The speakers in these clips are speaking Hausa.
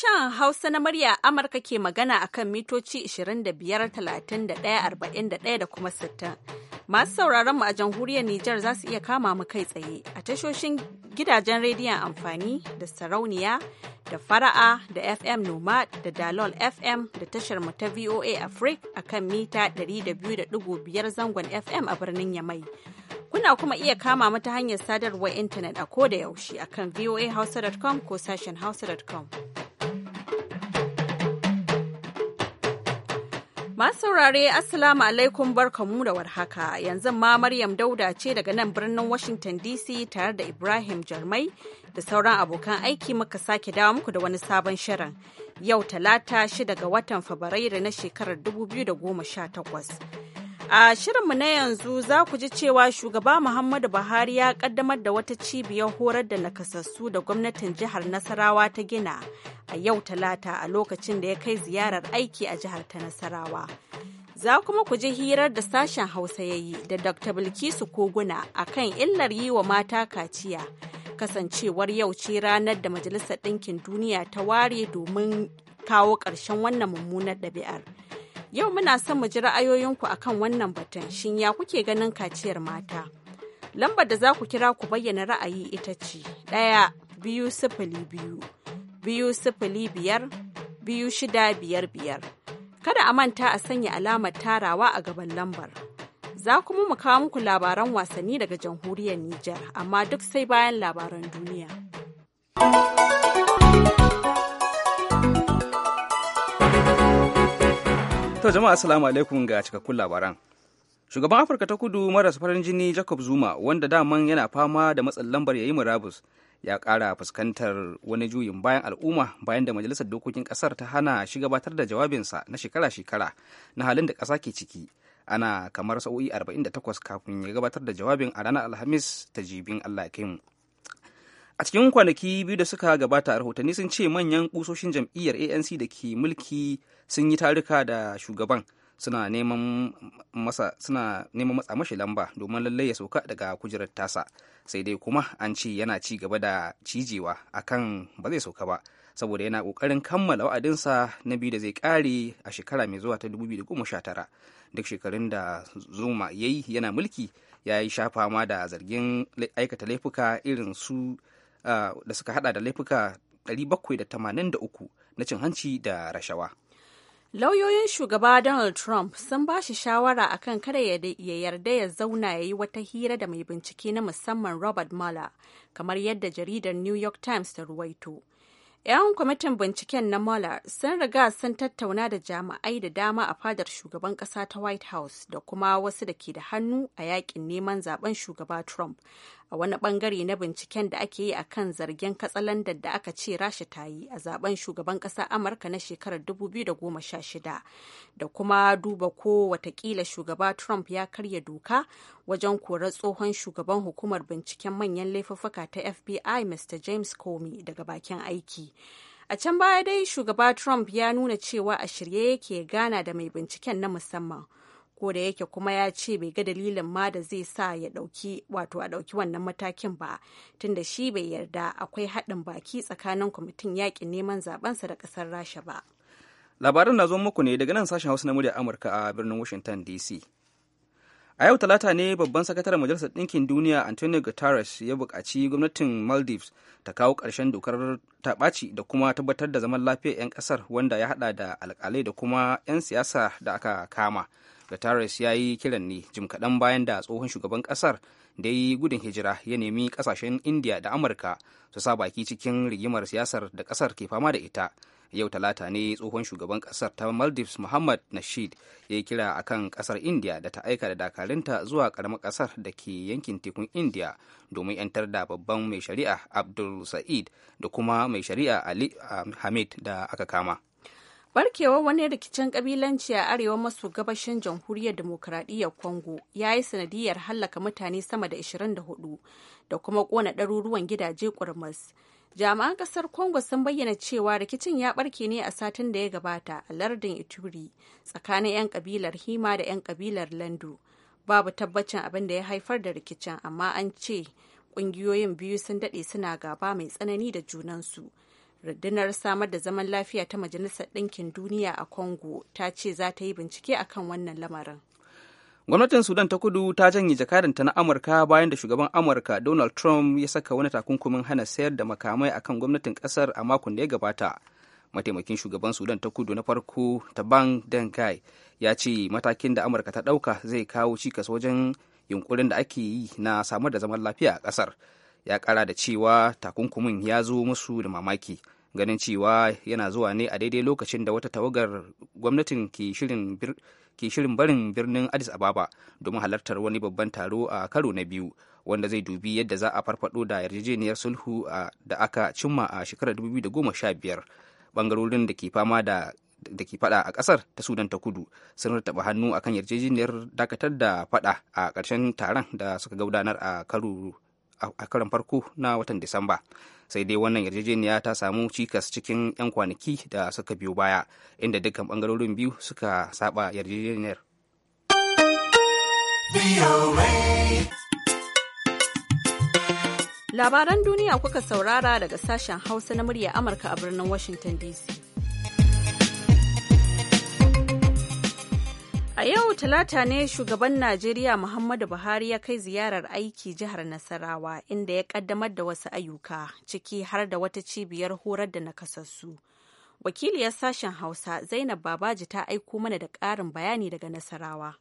Sashen Hausa na murya Amurka ke magana akan mitoci 25, 31, da kuma 60. Masu sauraron mu a jamhuriyar Nijar za su iya kama mu kai tsaye a tashoshin gidajen rediyon amfani da sarauniya da fara'a da FM Noma da Dalol FM da tashar mu ta VOA Africa akan mita 200.5 zangon FM a birnin Yamai. Kuna kuma iya kama ta hanyar sadarwar intanet a ko da yaushe akan voahausa.com ko sashen hausa.com. Masu saurare Assalamu alaikum barkamu da warhaka yanzu ma Maryam Dauda ce daga nan birnin Washington DC tare da Ibrahim Jarmai da sauran abokan aiki muka sake dawo muku da wani sabon shirin yau talata shida ga watan Fabrairu na shekarar 2018. A shirinmu na yanzu za ku ji cewa shugaba Muhammadu Buhari ya kaddamar da wata cibiyar horar da nakasassu da gwamnatin jihar Nasarawa ta gina a yau talata a lokacin da ya kai ziyarar aiki a jihar ta Nasarawa. Za kuma ku ji hirar da sashen Hausa ya yi da Dr. Bilkisu Koguna a kan illar yi wa mata kaciya. Kasancewar yau ce ranar da Majalisar Ɗinkin Duniya ta ware domin kawo ƙarshen wannan mummunar ɗabi'ar. Yau muna son mu ji ra'ayoyinku akan wannan batun shin ya kuke ganin kaciyar mata. Lambar da za ku kira ku bayyana ra'ayi ita ce ɗaya biyu sifili biyu biyu sifili biyar biyu shida biyar biyar. Kada a manta a sanya alamar tarawa a gaban lambar. Za kuma mu kawo muku labaran wasanni daga jamhuriyar Nijar amma duk sai bayan labaran duniya. To jama'a assalamu alaikum ga cikakkun labaran. Shugaban Afirka ta Kudu maras farin jini Jacob Zuma wanda daman yana fama da matsin lambar yayi murabus ya kara fuskantar wani juyin bayan al'umma bayan da majalisar dokokin kasar ta hana shi gabatar da jawabinsa na shekara-shekara na halin da ƙasa ke ciki ana kamar sa'o'i 48 kafin ya gabatar da jawabin a ranar alhamis ta jibin allah kai mu a cikin kwanaki biyu da suka gabata rahotanni sun ce manyan kusoshin jam'iyyar anc da ke mulki sun yi taruka da shugaban suna neman matsa mashi lamba domin lallai ya sauka daga kujerar tasa sai dai kuma an ce yana ci gaba da cijewa akan ba zai sauka ba saboda yana kokarin kammala wa'adinsa na biyu da zai kare a shekara mai zuwa ta 2019 duk shekarun da zuma yayi yana mulki ya yi shafa ma da zargin aikata laifuka irin su da suka hada da laifuka 783 na cin hanci da rashawa. Lauyoyin shugaba Donald Trump sun ba shi shawara a kan kada ya yarda ya zauna ya yi wata hira da mai bincike na musamman Robert Mueller, kamar yadda jaridar New York Times ta ruwaito. 'Yan kwamitin binciken na Mueller sun riga sun tattauna da jami'ai da dama a fadar shugaban kasa ta White House da kuma wasu da ke da hannu a yakin neman zaben shugaba Trump a wani bangare na binciken da ake yi a akan zargin katsalandar da aka ce rasha ta yi a zaben shugaban ƙasar amurka na shekarar 2016 da kuma duba ko watakila shugaba trump ya karya doka wajen korar tsohon shugaban hukumar binciken manyan laifuffuka ta fbi mr james comey daga bakin aiki a can baya dai shugaba trump ya nuna cewa a shirye yake gana da mai binciken na musamman ko da yake kuma ya ce bai ga dalilin ma da zai sa ya dauki wato a dauki wannan matakin ba tunda shi bai yarda akwai haɗin baki tsakanin kwamitin yakin neman zabensa da kasar rasha ba labaran na zo muku ne daga nan sashen hausa na murya amurka a birnin washington dc a yau talata ne babban sakataren majalisar ɗinkin duniya antonio guterres ya buƙaci gwamnatin maldives ta kawo ƙarshen dokar ta taɓaci da kuma tabbatar da zaman lafiyar 'yan ƙasar wanda ya haɗa da alƙalai da kuma 'yan siyasa da aka kama da taris ya yi kiran ne jim kaɗan bayan da tsohon shugaban ƙasar da ya yi gudun hijira ya nemi ƙasashen indiya da Amurka su sa baki cikin rigimar siyasar da ƙasar ke fama da ita. Yau talata ne tsohon shugaban ƙasar ta Maldives Muhammad Nasheed ya yi kira a kan ƙasar indiya da ta aika da dakarunta zuwa ƙaramar ƙasar da ke yankin tekun indiya domin 'yantar da babban mai shari'a Abdul Sa'id da kuma mai shari'a Ali ah, Hamid da aka kama. Barkewar wani rikicin kabilanci a arewa maso gabashin jamhuriyar demokuraɗiyyar Congo ya yi sanadiyar hallaka mutane sama da 24 da kuma kona ɗaruruwan gidaje ƙurmus. Jami'an ƙasar Congo sun bayyana cewa rikicin ya ɓarke ne a satin da ya gabata a lardin Ituri tsakanin 'yan kabilar Hima da 'yan kabilar lando Babu tabbacin abin da ya haifar da rikicin, amma an ce ƙungiyoyin biyu sun daɗe suna gaba mai tsanani da junansu. rundunar samar da zaman lafiya ta majalisar ɗinkin duniya a congo ta ce za ta yi bincike a kan wannan lamarin gwamnatin sudan ta kudu ta janye jakadanta na amurka bayan da shugaban amurka donald trump ya saka wani takunkumin hana sayar da makamai akan gwamnatin kasar a makon da ya gabata mataimakin shugaban sudan ta kudu na farko taban dengai ya ce matakin da amurka ta ɗauka zai kawo cikas wajen yunkurin da ake yi na samar da zaman lafiya a ƙasar ya kara da cewa takunkumin ya zo musu da mamaki ganin cewa yana zuwa ne a daidai lokacin da wata tawagar gwamnatin ke shirin barin birnin addis ababa domin halartar wani babban taro a karo na biyu wanda zai dubi yadda za a farfado da yarjejeniyar sulhu da aka cimma a shekarar 2015 bangarorin da ke fama da da ke fada a kasar ta sudan ta kudu sun rattaba hannu akan yarjejeniyar dakatar da fada a ƙarshen taron da suka gudanar a karo a karan farko na watan Disamba. Sai dai wannan yarjejeniya ta samu cikas cikin 'yan kwanaki da suka biyo baya, inda dukkan bangarorin biyu suka saba yarjejeniyar. Labaran duniya kuka saurara daga sashen Hausa na murya Amurka a birnin Washington DC. A yau Talata ne shugaban Najeriya Muhammadu Buhari ya kai ziyarar aiki jihar Nasarawa inda ya kaddamar da wasu ayyuka ciki har da wata cibiyar horar da nakasassu. Wakiliyar sashen Hausa Zainab Babaji ta aiko mana da ƙarin bayani daga Nasarawa.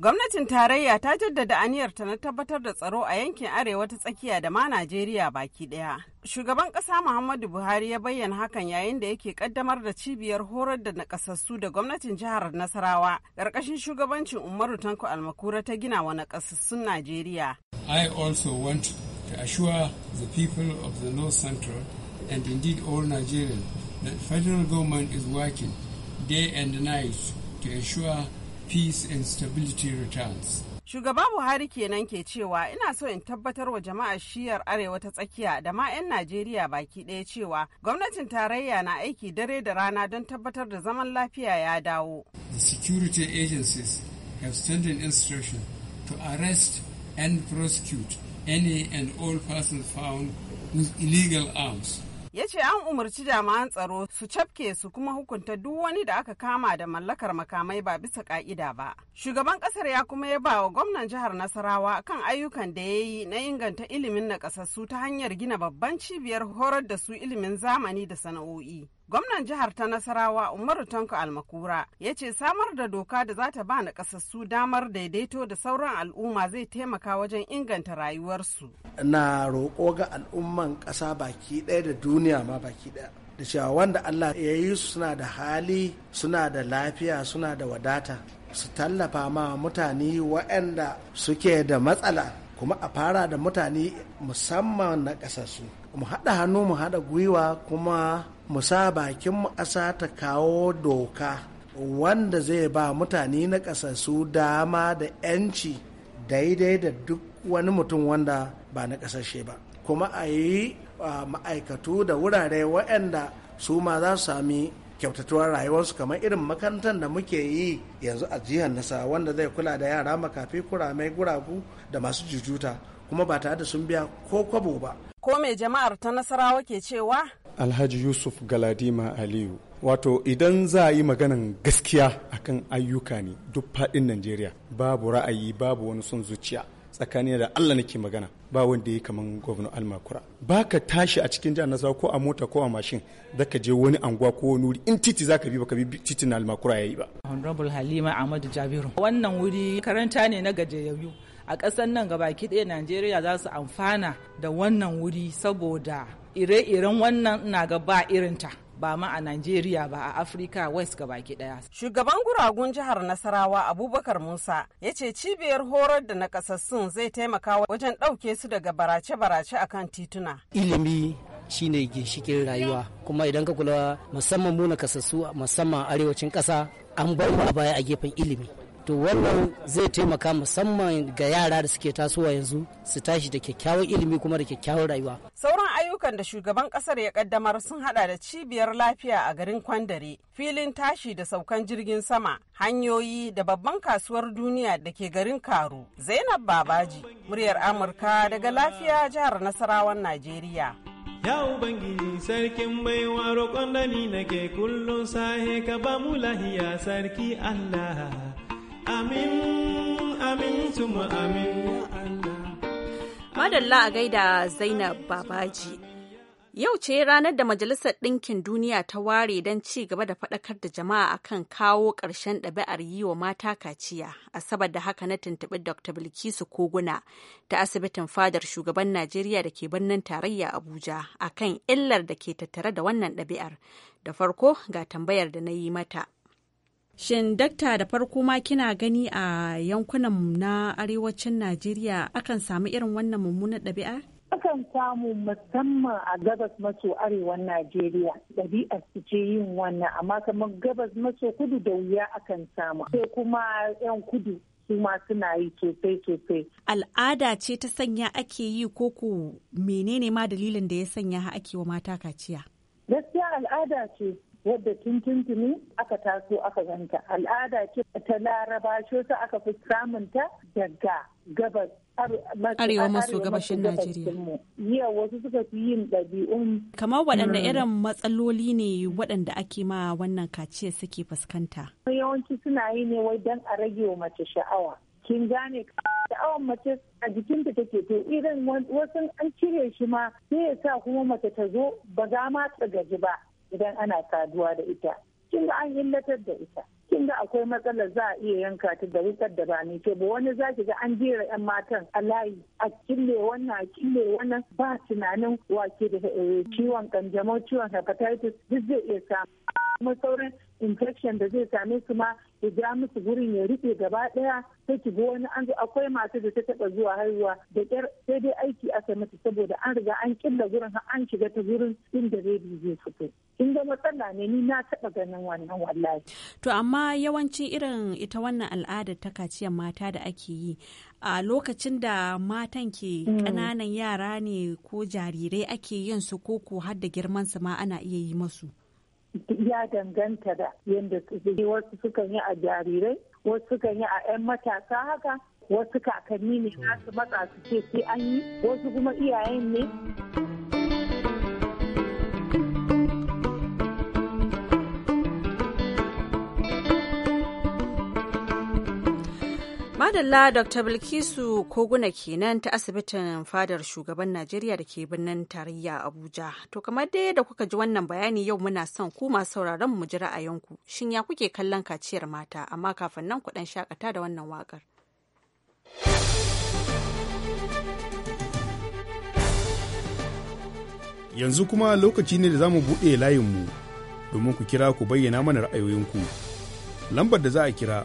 Gwamnatin tarayya ta jaddada aniyarta na tabbatar da tsaro a yankin arewa ta tsakiya da ma Najeriya baki ɗaya. Shugaban ƙasa Muhammadu Buhari ya bayyana hakan yayin da yake ƙaddamar da cibiyar horar da nakasassu da gwamnatin jihar Nasarawa ƙarƙashin shugabancin Umaru Tanko Almakura ta gina wa nakasassun Najeriya. I also want to assure the people of the North Central and indeed all Nigerians that federal government is working day and night to ensure peace and stability returns. Shugaba Buhari kenan ke cewa ina so in tabbatar wa jama'ar shiyar arewa ta tsakiya da ma 'yan Najeriya baki ɗaya cewa gwamnatin tarayya na aiki dare da rana don tabbatar da zaman lafiya ya dawo. The security agencies have standing instruction to arrest and prosecute any and all persons found with illegal arms. ya ce an umarci jami'an tsaro su cafke su kuma hukunta duk wani da aka kama da mallakar makamai ba bisa ka'ida ba shugaban kasar ya kuma ya ba wa gwamnan jihar nasarawa kan ayyukan da ya yi na inganta ilimin na ta hanyar gina babban cibiyar horar da su ilimin zamani da sana'o'i gwamnan jihar ta nasarawa umaru tanko almakura ya ce samar da doka da za ta ba na kasassu damar daidaito da sauran al'umma zai taimaka wajen inganta rayuwarsu na roƙo ga al'umman ƙasa baki ɗaya da duniya ma baki ɗaya da cewa wanda allah ya yi su suna da hali suna da lafiya suna da wadata su tallafa ma mutane waɗanda suke da matsala kuma a fara da mutane musamman na ƙasassu mu haɗa hannu mu haɗa gwiwa kuma mu sa bakin mu ƙasa ta kawo doka wanda zai ba mutane na ƙasassu dama da 'yanci daidai da duk wani mutum wanda ba na ƙasashe ba kuma a yi ma'aikatu da wurare waɗanda su ma za su sami kyautatuwar rayuwarsu kamar irin makarantar da muke yi yanzu a jihar nasa wanda zai kula da yara makafi kuramai guragu da masu jujuta kuma ba tare da sun biya ko kwabo ba. Ko mai jama'ar ta Nasarawa ke cewa alhaji yusuf galadima aliyu wato idan za a yi maganan gaskiya akan ayyuka ne duk faɗin najeriya babu ra'ayi babu wani sun zuciya tsakanin da allah nake magana ba wanda ya yi kaman gwamna almakura ba ka tashi a cikin jihar nasarawa ko a mota ko a mashin da ka je wani anguwa ko wani wuri in titi za ka bi baka bi titin almakura ya yi ba honorable halima ahmadu jabiru wannan wuri karanta ne na gajiyayyu a ƙasar nan gabaki ɗaya najeriya za su amfana da wannan wuri saboda ire-iren wannan na gaba irinta ba ma a Najeriya ba a Afirka West ga baki daya. Shugaban guragun jihar Nasarawa Abubakar Musa ya ce cibiyar horar da nakasassun zai taimaka wajen ɗauke su daga barace-barace a kan tituna. Ilimi shine ginshikin rayuwa kuma idan ka kula musamman mu nakasassu musamman arewacin ƙasa an bar mu a baya a gefen ilimi to wannan zai taimaka musamman ga yara da suke tasowa yanzu su tashi da kyakkyawan ilimi kuma da kyakkyawan rayuwa sauran ayyukan da shugaban kasar ya kaddamar sun hada da cibiyar lafiya a garin kwandare filin tashi da saukan jirgin sama hanyoyi da babban kasuwar duniya da ke garin karu zainab babaji muryar amurka daga lafiya jihar nasarawan najeriya Ya Ubangiji sarkin baiwa roƙon da ni nake kullum sahe ka ba mu lahiya sarki Allah. Amin, amin, amin. Madalla a gaida Zainab Babaji. Yau ce ranar da Majalisar Ɗinkin Duniya ta ware don ci gaba da faɗakar da jama'a akan kawo ƙarshen ɗabi'ar yi wa mata kaciya. a Asabar da haka na tuntuɓi Dr. Bilkisu Koguna ta asibitin fadar shugaban Najeriya da ke birnin tarayya Abuja akan illar da ke tattare da wannan ɗabi'ar. Da farko ga tambayar da na yi mata. Shin dakta da farko ma kina gani a yankunan na arewacin Najeriya akan samu irin wannan mummunar ɗabi'a? Akan samu musamman a gabas maso arewan Najeriya Ɗabi'a su ce yin wannan amma kamar gabas maso kudu da wuya akan samu. Sai kuma 'yan kudu su ma suna yi sosai sosai. Al'ada ce ta sanya ake yi koko menene ma dalilin da ya sanya ake wa mata kaciya? Gaskiya al'ada ce wadda tun tuntuni aka taso aka ganta al'ada ce ta laraba shi aka fi samun ta daga gabas arewa maso gabashin Najeriya. Yiya wasu suka fi yin ɗabi'un. Kamar waɗanda mm. irin matsaloli ne waɗanda ake ma wannan kaciya suke fuskanta. Yawanci suna yi ne wai don a rage wa mace sha'awa. Kin gane sha'awan mace a jikinta take to irin wasu an cire shi ma sai ya sa kuma mace ta zo ba za ma ta gaji ba. idan ana saduwa da ita kin ga an illatar da ita kin ga akwai matsalar za a iya yanka ta da wutar da ba ni ba wani za ki ga an jera yan matan a layi a kille wannan a kille wannan ba tunanin wake da eh, ciwon kanjamau ciwon hepatitis duk zai iya samu kuma sauran infection da zai same su ma ya ja musu gurin ya rufe gaba daya sai ki bi wani an akwai masu da ta taba zuwa haihuwa da kyar sai dai aiki aka mata saboda an riga an killa gurin har an shiga ta gurin inda rabi zai fito in ga matsala ne ni na taba ganin wannan wallahi to amma yawanci irin ita wannan al'adar ta kaciyar mata da ake yi a lokacin da matan ke mm. ƙananan yara ne ko jarirai ake yin su ko ko har da girman su ma ana iya yi masu ya danganta da yadda wasu sukan yi a jarirai wasu sukan yi a 'yan matasa haka wasu kakanni ne na su matsa su ce sai an yi wasu kuma iyayen ne. madalla dr bilkisu koguna kenan ta asibitin fadar shugaban najeriya da ke birnin tarayya abuja to kamar dai da kuka ji wannan bayani yau muna son ku masu sauraron mu ji ra'ayinku shin ya kuke kallon kaciyar mata amma kafin nan ku dan shakata da wannan wakar yanzu kuma lokaci ne da za mu buɗe layinmu domin ku kira ku bayyana mana ra'ayoyinku lambar da za a kira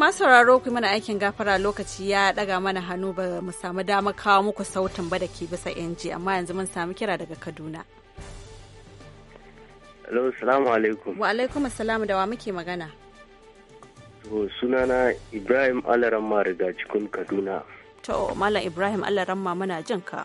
ma sauraro ku mana aikin gafara lokaci ya daga mana hannu ba mu samu dama kawo muku sautin ba da ke bisa yanji amma yanzu mun samu kira daga Kaduna. Hello, salamu alaikum. Wa alaikum salamu da wa muke magana. To sunana Ibrahim Alaramma daga cikin Kaduna. To Malam Ibrahim Alaramma muna jin ka.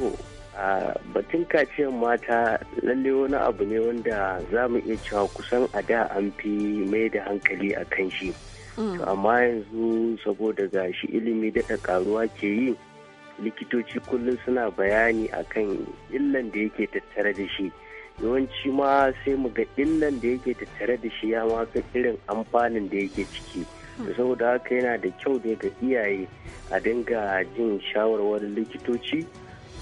To a batun kaciyar mata lalle wani abu ne wanda za mu iya cewa kusan a da an fi mai da hankali a kan shi mm. amma yanzu saboda ga shi ilimi daɗa karuwa ke yi likitoci kullum suna bayani a kan illan da yake tattare da shi yawanci ma sai mu ga illan da yake tattare da shi ya maka irin amfanin da yake ciki mm. saboda haka yana da kyau da iyaye a dinga jin shawarwar likitoci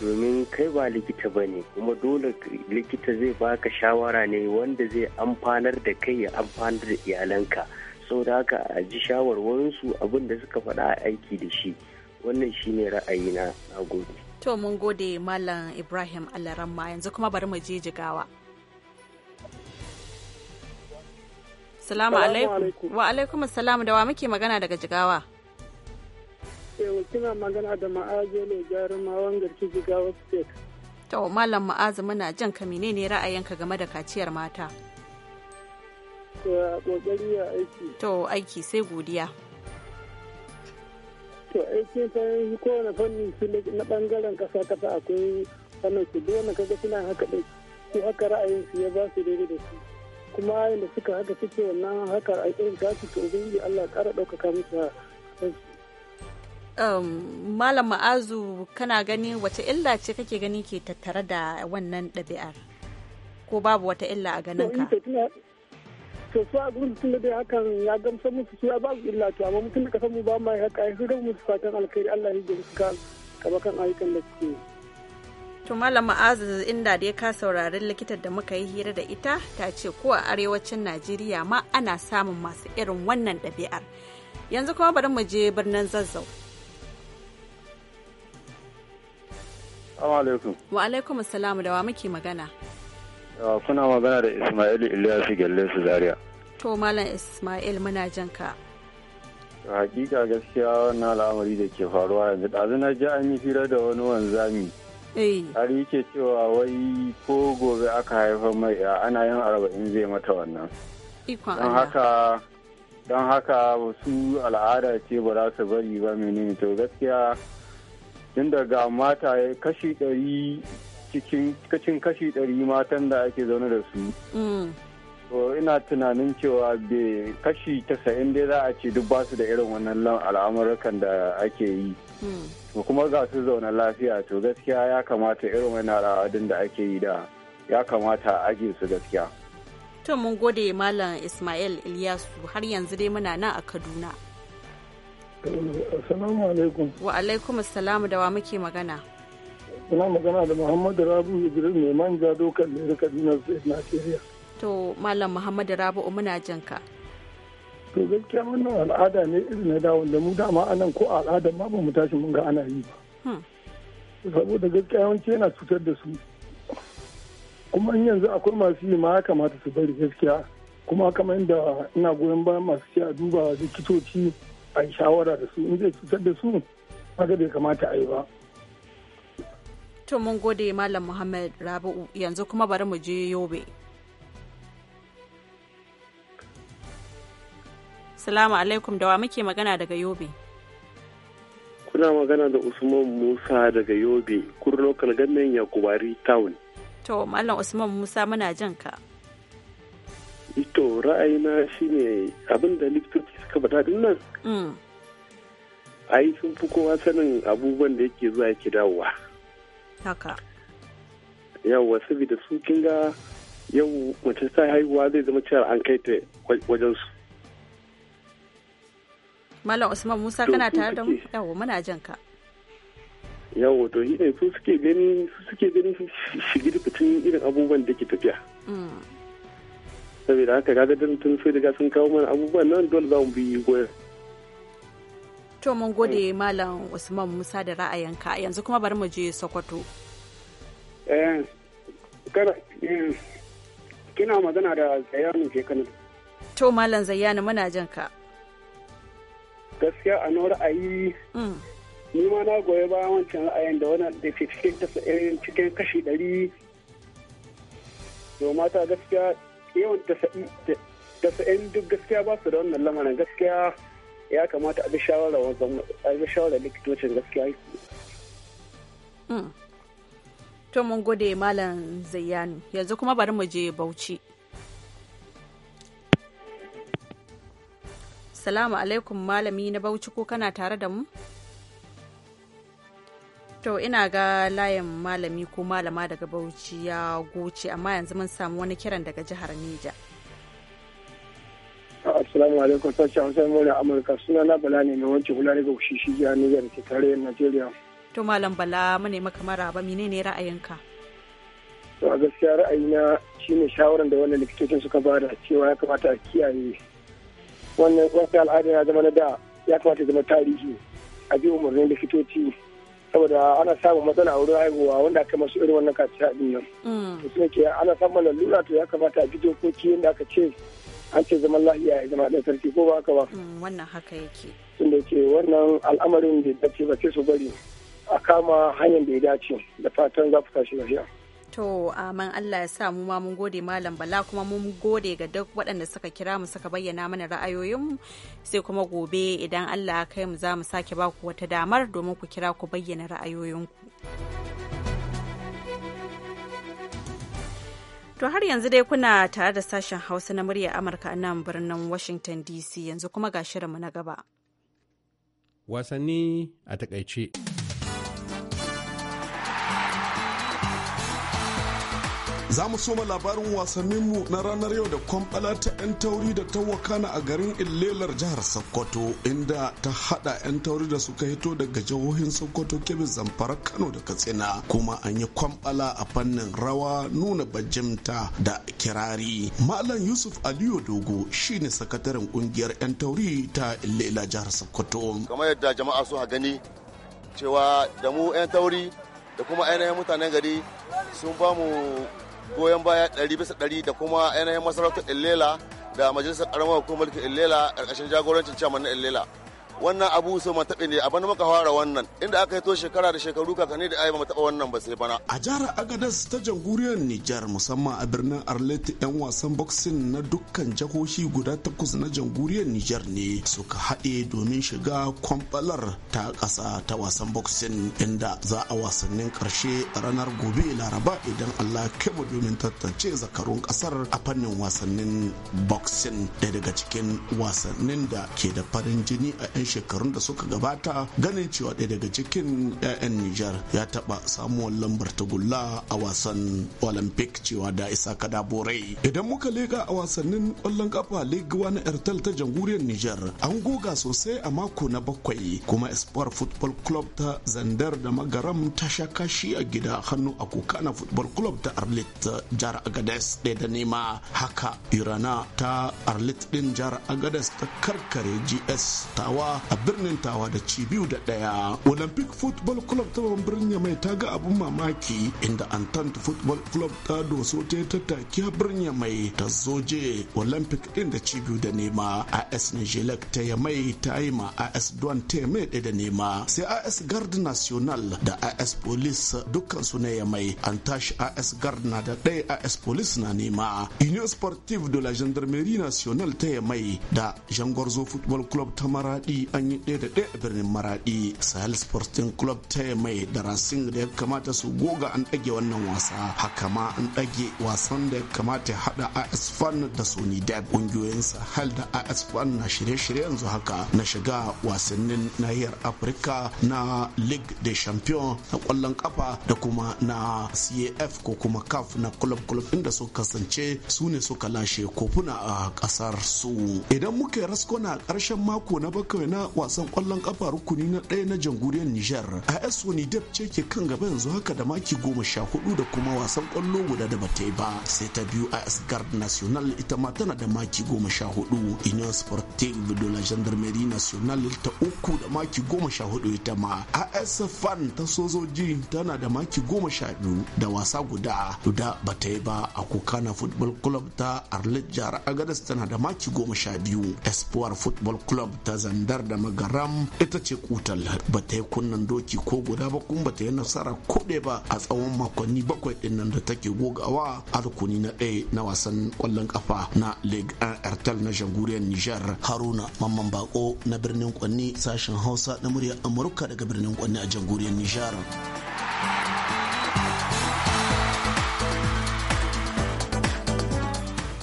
domin kai ba likita ba ne kuma dole likita zai baka shawara ne wanda zai amfanar da kai ya amfanar da iyalanka da haka a ji shawarwarinsu abin da suka faɗa a aiki da shi wannan ne ra'ayina na gode to mun gode malam ibrahim alaramma yanzu kuma bari mu je jigawa salamu alaikum wa alaikum salamu da wa muke magana daga jigawa Yau eh, kina magana da ma'aje ne jarin mawan garki jigawa wasu ke. Malam Ma'azu muna jan ka menene ra'ayinka game da kaciyar mata? kokari ya aiki. To aiki sai godiya. To aikin yi kowane fannin na bangaren kasa kasa akwai wannan su dole kaga suna haka ɗin su haka ra'ayinsu ya ba su daidai da su. kuma yadda suka haka suke wannan haka a irin kasu to ubangiji Allah ƙara ɗaukaka musu um, malam ma'azu kana gani wace illa ce kake gani ke tattare da wannan ɗabi'ar ko babu wata illa a ganin ka to su a gurin tun da hakan ya gamsa musu su ya babu illa to amma mutum da kasan mu ba ma ya haka ai su musu fatan alkhairi Allah ya ji su kama kan ayyukan da suke to malam ma'azu inda dai ka saurari likitar da muka yi hira da ita ta ce ko a arewacin Najeriya ma ana samun masu irin wannan ɗabi'ar yanzu kuma bari mu je birnin Zazzau alaikum. Wa alaikum assalamu da wa muke magana. Kuna magana da Ismail Ilyasu Gellesu Zaria. To Malam Ismail muna jan ka. Hakika gaskiya wannan al'amari da ke faruwa yanzu ɗazu na ji an yi fira da wani wanzami. Eh. Har yake cewa wai ko gobe aka haifa mai ana yin arba'in zai mata wannan. Ikon Don haka don haka wasu al'ada ce ba za su bari ba menene to gaskiya inda ga mata kashi ɗari cikin kashi ɗari matan da ake zaune da su mm. to ina tunanin cewa be kashi tasa'in dai za a ce duk ba su da irin wannan al'amurkan da ake yi mm. to kuma ga su zaune lafiya to gaskiya ya kamata irin wannan al'adun da ake yi da ya kamata a ajiye su gaskiya to mun gode malam ismail ilyasu har yanzu dai muna nan a kaduna Assalamu alaikum. Wa alaikum da wa muke magana. ina magana da Muhammadu Rabu Ibrahim mai manja dokar da Kaduna State Nigeria. To Malam Muhammadu Rabu muna jinka. To gaskiya wannan al'ada ne irin na dawon da mu dama anan ko al'ada ma ba mu tashi mun ga ana yi ba. Hmm. Saboda gaskiya yawanci yana cutar da su. Kuma in yanzu akwai masu yi ma ya kamata su bari gaskiya. Kuma kamar yadda ina goyon bayan masu ci a duba likitoci. a yi shawara da su in zai cutar da su haka bai kamata a yi ba to mun gode malam muhammad Rabu yanzu kuma bari mu je yobe salamu alaikum da wa muke magana daga yobe kuna magana da usman musa daga yobe kurnokal ganin yakubari town to malam usman musa muna jan ka ito ra'ayina shi ne abinda likitoci suka faɗa din nan mm. ai sun fi kowa sanin abubuwan da yake zuwa yake dawowa haka yawwa saboda su kin ga yau mace ta haihuwa zai zama cewa an kai ta wajen su Malam Usman Musa kana tare da mu yawo muna jan ka yawo to yi ne su suke ganin su suke ganin shigir fitin irin abubuwan da ke tafiya mm. saboda haka kaga dan tun sai daga sun kawo mana abubuwan nan dole za mu bi goyon to mun gode malam usman musa da ra'ayinka yanzu kuma bari mu je sokoto eh, eh kina magana da zayanu ke kanu to malam zayyana muna jin ka gaskiya a nan ra'ayi mm. ni ma na goyi ba wancan ra'ayin da wannan da ke cikin eh, cikin kashi ɗari to mata gaskiya yau da sa'in duk gaskiya ba su da wannan lamarin gaskiya ya kamata a bi shawarar likitocin gaskiya hmm. to mun gode malam zayyanu yanzu kuma bari mu je bauchi salamu alaikum malami na bauchi ko kana tare da mu to ina ga layin malami ko malama daga bauchi ya goce amma yanzu mun samu wani kiran daga jihar nija Assalamu alaikum sashi Hausa mura Amurka suna na Bala ne mai wancan hula daga shi jihar Nija da ke tarayyar Najeriya. To Malam Bala mu ne ba mine menene ra'ayinka? To a gaskiya ra'ayina shine shawaran da wannan likitocin suka bada cewa ya kamata a kiyaye wannan wasu al'ada ya zama na da ya kamata zama tarihi a bi umarnin likitoci saboda ana samun matsala a wurin haihuwa wanda aka masu irin wannan kaciya din nan mm. to suna ke ana samun lalura to ya kamata a ko dokoki yadda aka ce an ce zaman lafiya ya zama ɗan sarki ko ba haka ba mm, wannan haka yake da ke wannan al'amarin da ya dace ba ce su bari a kama hanyar da ya dace da fatan za ku tashi lafiya To, aman Allah ya sa mu ma mun gode Malam Bala kuma mun gode ga duk waɗanda suka kira mu suka bayyana mana ra'ayoyinmu sai kuma gobe idan Allah ya kai mu za mu sake baku wata damar domin ku kira ku bayyana ra'ayoyinku. To har yanzu dai kuna tare da sashen Hausa na murya Amurka a nan birnin Washington DC yanzu kuma ga shirinmu na gaba. Wasanni a takaice. Za mu soma labarin wasanninmu na ranar yau da kwamfala ta 'yan tauri da ta wakana a garin Ilelar jihar Sokoto inda ta hada 'yan tauri da suka hito daga jihohin Sokoto Kebbi Zamfara Kano da Katsina kuma an yi kwamfala a fannin rawa nuna bajimta da kirari. Malam Yusuf Aliyu Dogo shine sakataren kungiyar 'yan tauri ta Ilela jihar Sokoto. Kamar yadda jama'a su gani cewa da mu 'yan tauri da kuma ainihin mutanen gari sun ba mu goyon baya ɗari bisa ɗari da kuma yanayin masarautar illela da majalisar ƙaramar hukumar illela ƙarƙashin jagorancin caman na illela wannan abu sai ma taɓe ne a bana muka fara wannan inda aka hito shekara da shekaru ne da ayi ba taɓa wannan ba sai bana a jihar agadas ta jamhuriyar nijar musamman a birnin arlet yan wasan boxing na dukkan jahohi guda takwas na jamhuriyar nijar ne suka haɗe domin shiga kwamfalar ta ƙasa ta wasan boxing inda za a wasannin ƙarshe ranar gobe laraba idan allah kaimu domin tantance zakarun ƙasar a fannin wasannin boxing ɗaya daga cikin wasannin da ke da farin jini a 'yan shekarun da suka gabata ganin cewa ɗaya daga cikin 'ya'yan Nijar ya taɓa samuwar lambar tagulla a wasan Olympic cewa da isa borai. Idan muka lega a wasannin ƙwallon kafa League na Airtel ta jamhuriyar Nijar an goga sosai a mako na bakwai kuma Espoir Football Club ta Zandar da Magaram ta sha kashi a gida hannu a na Football Club ta Arlit Jara Agades ɗaya da nema haka Irana ta Arlit ɗin jihar Agades ta karkare GS tawa a birnin tawa da cibiyu da ɗaya olympic football club ta birnin mai ta ga abin mamaki inda antant football club ta doso ta tattaki a birnin mai. ta zoje olympic ɗin da cibiyu da nema as nigelec ta yamai ta yi ma as don ta ya mai da nema sai as guard national da as police dukkansu na mai. an tashi as guard na da ɗaya as police na nema union sportive de la gendarmerie nationale ta mai. da jangwarzo football club ta maradi an yi ɗaya da ɗaya a birnin maraɗi sahel sporting club ta mai da racing da ya kamata su goga an ɗage wannan wasa haka ma an ɗage wasan da ya kamata haɗa as fan da sony dab ƙungiyoyin sahel da as fan na shirye-shirye yanzu haka na shiga wasannin nahiyar afirka na league de champion na ƙwallon kafa da kuma na caf ko kuma caf na club club inda su kasance su ne suka lashe kofuna a kasar su idan muka yi raskona ƙarshen mako na bakwai na wasan kwallon kafa rukuni na ɗaya na jamhuriyar Nijar. wani Wonidep ce ke kan gaba yanzu haka da maki goma sha hudu da kuma wasan kwallo guda da bata yi ba. Sai ta biyu S Guard National ita ma tana da maki goma sha hudu. Union Sportive de la Gendarmerie Nationale ta uku da maki goma sha hudu ita ma. S Fan ta sojoji tana da maki goma sha biyu da wasa guda Guda bata yi ba a Kokana Football Club ta Arlet Jihar Agadez tana da maki goma sha biyu. Espoir Football Club ta Zandar da magaram ita ce kutar ba ta yi kunnan doki ko guda ba kuma ba ta yi nasara ko ba a tsawon makonni bakwai ɗin nan da take gogawa a rukuni na ɗaya na wasan ƙwallon ƙafa na league a ertel na jamhuriyar nijar haruna mamman bako na birnin kwanni sashen hausa na murya amurka daga birnin kwanni a jamhuriyar nijar.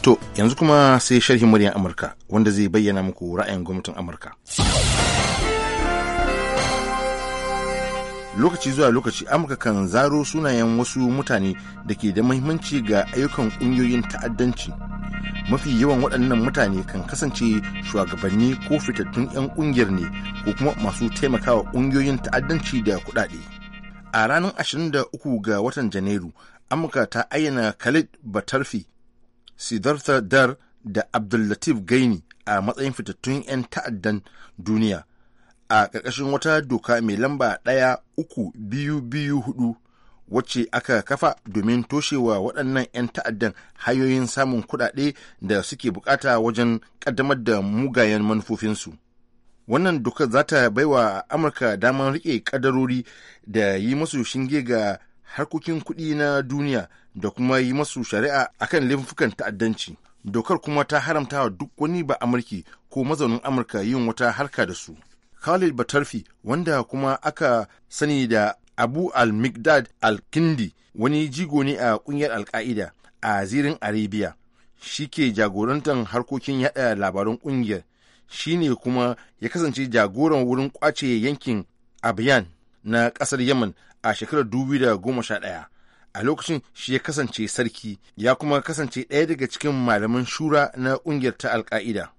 To, yanzu kuma sai sharhin muryar Amurka wanda zai bayyana muku ra'ayin gwamnatin Amurka. Lokaci zuwa lokaci Amurka kan zaro sunayen wasu mutane da ke da mahimmanci ga ayyukan ƙungiyoyin ta'addanci. Mafi yawan waɗannan mutane kan kasance shugabanni ko fitattun 'yan ƙungiyar ne ko kuma masu taimakawa ƙungiyoyin ta'addanci da kuɗaɗe. A ranar 23 ga watan Janairu, Amurka ta ayyana Khalid Batarfi siddhartha dar da abdullatif gaini a matsayin fitattun 'yan ta'addan duniya a ƙarƙashin wata doka mai lamba ɗaya uku biyu biyu hudu wacce aka kafa domin toshewa waɗannan 'yan ta'addan hanyoyin samun kuɗaɗe da suke bukata wajen ƙaddamar da mugayen manufofinsu. Wannan dokar za ta baiwa Amurka damar riƙe ƙadarori da yi masu shinge ga harkokin kuɗi na duniya da kuma yi masu shari'a a kan laifukan ta'addanci dokar kuma ta haramta wa duk wani ba amurki ko mazaunin amurka yin wata harka da su khalid batarfi wanda kuma aka sani da abu al mikdad al-kindi wani jigo ne a kungiyar al-qaida a zirin arabia shi ke jagorantar harkokin yada labaran kungiyar shi ne kuma ya kasance jagoran wurin kwace yankin abiyan na kasar yaman a shekarar 2011 a lokacin shi ya kasance sarki ya kuma kasance ɗaya daga cikin malaman shura na ƙungiyar ta alka'ida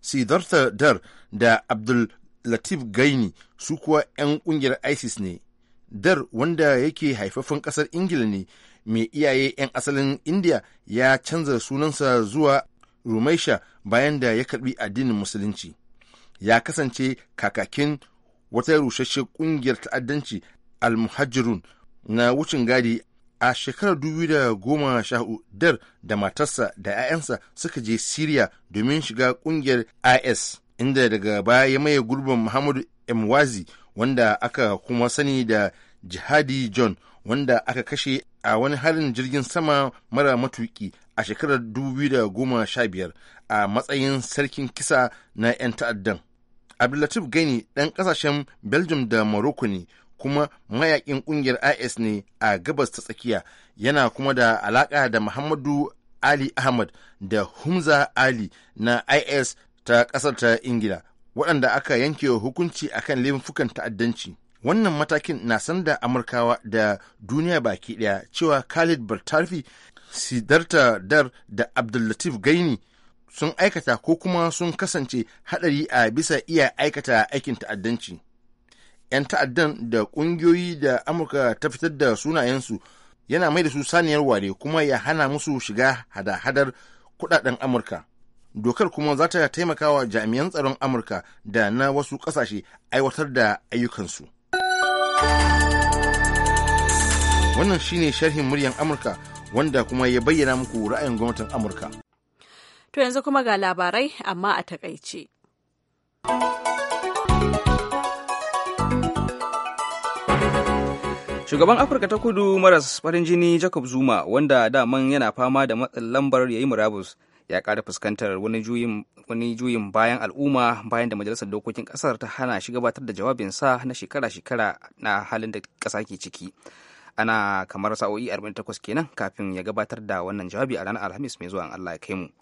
siddhartha dar da abdul latif gaini su kuwa 'yan ƙungiyar isis ne dar wanda yake haifafin ƙasar ingila ne mai iyaye 'yan asalin india ya canza sunansa zuwa rumaisha bayan da ya karbi addinin musulunci ya kasance kakakin wata rushasshen ƙungiyar ta'addanci al-muhajirun na wucin gadi a shekarar 2010 da matarsa da 'ya'yansa suka je Siriya domin shiga kungiyar IS, inda daga baya ya maye gurbin Muhammadu Mwazi wanda aka kuma sani da Jihadi John wanda aka kashe a wani harin jirgin sama mara matuki a shekarar sha biyar a matsayin sarkin kisa na 'yan ta'addan. Abdullatif Gani ɗan ƙasashen Belgium da Morocco ne kuma mayakin kungiyar is ne a gabas ta tsakiya yana kuma da alaka da muhammadu ali ahmad da humza ali na is ta kasar ta ingila waɗanda aka yanke hukunci akan laifukan ta'addanci wannan matakin na san da amurkawa da duniya baki ɗaya cewa khalid bartarfi sidarta dar da abdullatif gaini sun aikata ko kuma sun kasance haɗari a bisa iya aikata aikin ta'addanci. 'yan ta'addan da ƙungiyoyi da amurka ta fitar da sunayensu yana mai da su saniyar ware kuma ya hana musu shiga hada-hadar kudaden amurka dokar kuma za ta taimaka wa jami'an tsaron amurka da na wasu ƙasashe aiwatar da ayyukansu wannan shine sharhin muryan amurka wanda kuma ya bayyana muku ra'ayin gwamnatin amurka to yanzu kuma ga labarai amma a takaice. shugaban afirka ta kudu maras farin jini jacob zuma wanda daman yana fama da matsin lambar yayi murabus ya kara fuskantar wani juyin bayan al'umma bayan da majalisar dokokin kasar ta hana shi gabatar da jawabinsa na shekara-shekara na halin da kasa ke ciki ana kamar sa'o'i 48 kenan kafin ya gabatar da wannan jawabi a ranar alhamis mai zuwa allah ya kai mu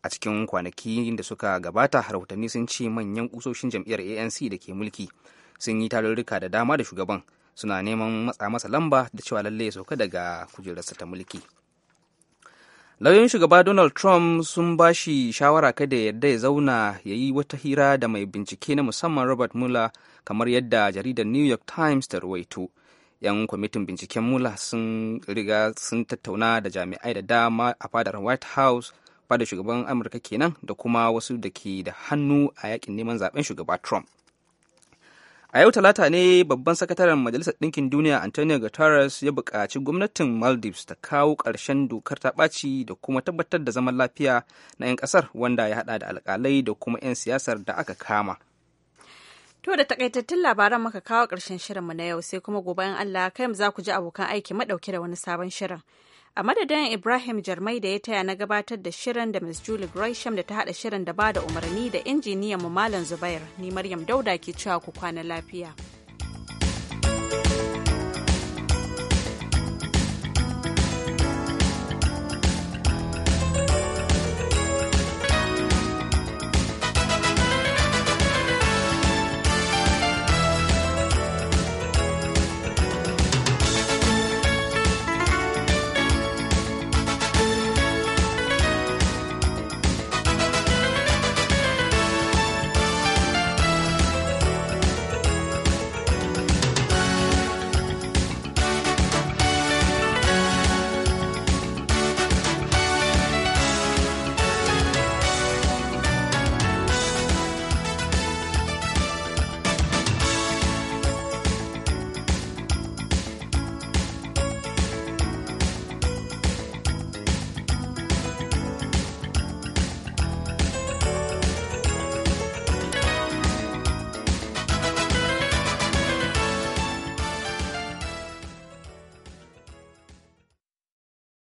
a cikin kwanaki da suka gabata rahotanni sun ce manyan kusoshin jam'iyyar anc da ke mulki sun yi tarurruka da dama da shugaban suna neman matsa masa lamba da cewa lallai ya sauka daga kujerarsa ta mulki lauyoyin shugaba donald trump sun ba shi shawara kada ya yadda ya zauna ya yi wata hira da mai bincike na musamman robert mueller kamar yadda jaridar new york times ta ruwaito 'yan kwamitin binciken mula sun riga sun tattauna da jami'ai da dama a fadar white house fadar shugaban amurka kenan da kuma wasu da ke da hannu a yakin neman zaben shugaba trump a yau talata ne babban sakataren majalisar ɗinkin duniya antonio guterres ya buƙaci gwamnatin maldives ta kawo ƙarshen dokar ta ɓaci da kuma tabbatar da zaman lafiya na 'yan ƙasar wanda ya haɗa da alƙalai da kuma 'yan siyasar da aka kama To da takaitattun labaran muka kawo ƙarshen mu na yau sai kuma gobe in Allah kai mu za ku ji abokan aiki madauki da wani sabon shirin. a madadin ibrahim jarmai da ya taya na gabatar da shirin da Ms julie gresham da ta hada shirin da ba da umarni da injiniyan mu malam zubair ni maryam dauda ke cewa ku kwana lafiya